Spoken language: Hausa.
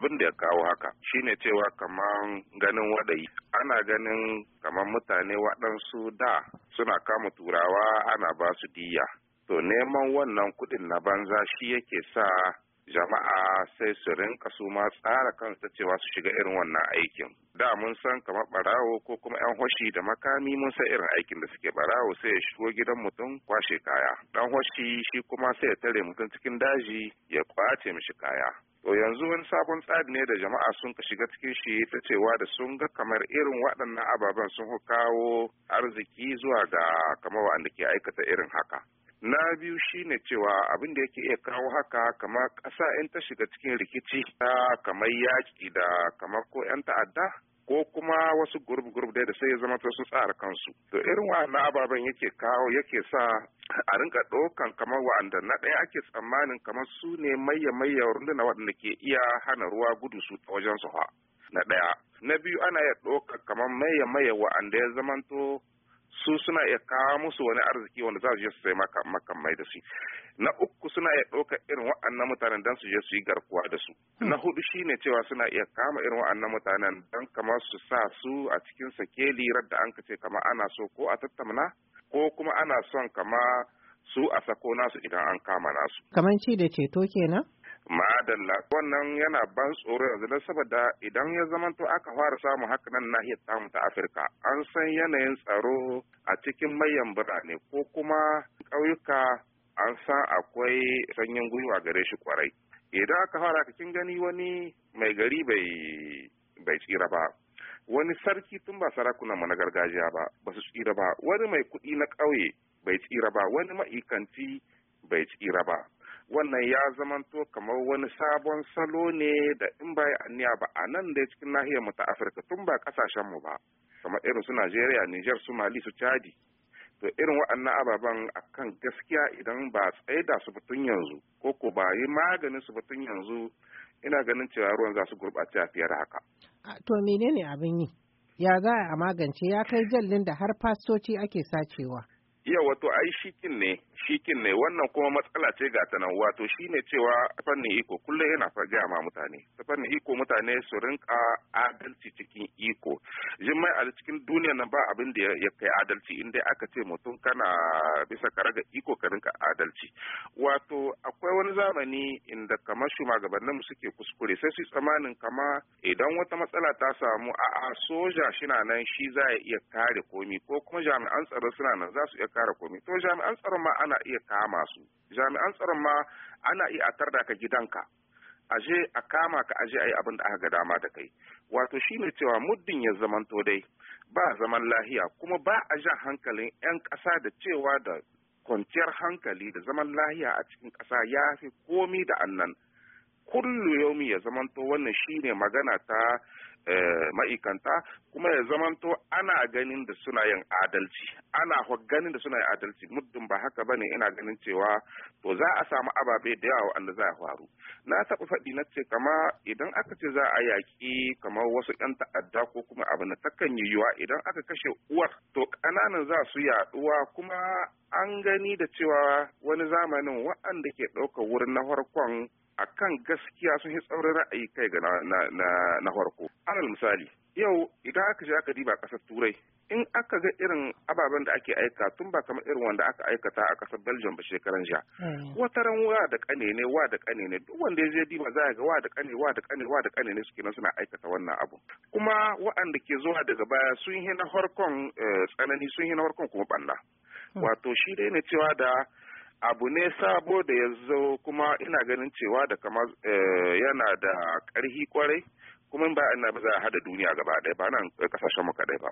abin da ya kawo haka shine cewa kamar ganin wadayi ana ganin kamar mutane waɗansu da suna kama turawa ana ba su diya to neman wannan kuɗin na banza shi yake sa jama'a sai su rinka su ma tsara kansu cewa su shiga irin wannan aikin da mun san kamar barawo ko kuma yan hoshi da makami mun san irin aikin da suke barawo sai ya shigo gidan mutum kwashe kaya dan hoshi shi kuma sai ya tare mutum cikin daji ya kwace mishi kaya To yanzu wani sabon tsari ne da jama'a sun ka shiga cikin shi ta cewa da sun ga kamar irin waɗannan ababen sun kawo arziki zuwa ga kamar wanda ke aikata irin haka. Na biyu shine cewa abin da yake iya kawo haka kamar ƙasa in ta shiga cikin rikici ta kamar yaƙi da kamar ko 'yan ta'adda ko kuma wasu gurb gurb da sai ya zama ta sun tsara kansu to irin wa'annan ababen yake kawo yake sa a rinka ɗaukan kamar wa'anda na ɗaya ake tsammanin kamar su ne maye maye runduna waɗanda ke iya hana ruwa gudu su wajen su na ɗaya na biyu ana iya ɗauka kamar maye maye wa'anda ya zamanto su suna iya kawo musu wani arziki wanda za su je su sai makamai da su na uku suna iya ɗauka irin wa'annan mutanen don su je su yi garkuwa da su hmm. na hudu shine cewa suna iya kama irin wa'annan mutanen don kama su sa su a cikin sake lirar da an ce kama ana so ko a tattamna ko kuma ana son kama su a sako nasu idan an kama nasu. kamar ci da ceto kenan? ma'adalla wannan yana ban tsoro yanzu don saboda idan ya zamanto aka fara samun haka nan nahiyar tamu ta afirka an san yanayin tsaro a cikin mayan birane ko kuma ƙauyuka an san akwai sanyin gwiwa gare shi kwarai idan aka fara cikin gani wani mai gari bai tsira ba wani sarki tun ba sarakunan mu na gargajiya ba ba su tsira ba wani mai kuɗi na ƙauye bai tsira ba wani ma'ikanti bai tsira ba wannan ya zamanto kamar wani sabon salo ne da in ba aniya ba a nan da cikin nahiyar mu ta afirka tun ba kasashen mu ba kamar irin su najeriya niger su mali su chadi to irin waɗannan ababen akan gaskiya idan ba tsaida su batun yanzu ko ko ba yi maganin su batun yanzu ina ganin cewa ruwan za su gurɓace a fiye da haka to menene abin yi ya za a magance ya kai jallin da har fastoci ake sacewa Iya wato ai shikin ne, shikin ne wannan kuma matsala ce ga ta nan wato shine cewa fannin iko kullum yana farga ma mutane. Ta fannin iko mutane su rinka adalci cikin iko. jima'i a cikin duniya nan ba abin da ya kai adalci inda aka ce mutum kana bisa karaga iko ka rinka adalci. Wato akwai wani zamani inda kamar shugabannin mu suke kuskure sai su tsamanin kama idan wata matsala ta samu a'a soja shi nan shi za ya iya kare komi ko kuma jami'an tsaro suna nan za su iya kare komai to jami'an tsaron ma ana iya kama su jami'an tsaron ma ana iya a tarda ka gidanka aje a kama ka aje a yi abin da aka ga dama da kai wato shi ne cewa muddin ya zamanto dai ba zaman lahiya kuma ba a jan hankalin 'yan ƙasa da cewa da kwanciyar hankali da zaman lahiya a cikin ƙasa ya fi komi da annan kullu yaumi ya zamanto wannan shine magana ta eh, ma'aikanta kuma ya zamanto ana ganin da suna yin adalci ana ganin da suna yin adalci muddin ba haka bane ina ganin cewa to za a samu ababe da yawa wanda za a faru na taɓa faɗi na ce kama idan aka ce za a yaƙi kamar wasu ƴan ta'adda ko kuma abu na takan yiwuwa idan aka kashe uwar to ƙananan za su yaɗuwa kuma an gani da cewa wani zamanin waɗanda ke ɗaukar wurin na farkon akan gaskiya sun yi tsaurin ra'ayi kai ga na farko alal misali yau idan aka je aka diba kasar turai in aka ga irin ababen da ake aika tun ba kamar irin wanda aka aikata a kasar belgium ba shekaran jiya hmm. wata ran wa da kane ne wa da kane ne duk wanda ya je diba za ga wa da kane wa da kane wa da kane ne suke nan suna aikata wannan abu kuma waɗanda ke zuwa daga baya sun yi na harkon eh, tsanani sun yi na harkon kuma banna hmm. wato shi dai ne cewa da abu ne sabo da ya zo kuma ina ganin cewa da kama eh, yana da ƙarhi kwarai kuma ba ina ba za a hada duniya gaba ɗaya ba nan ƙasashen mu kadai ba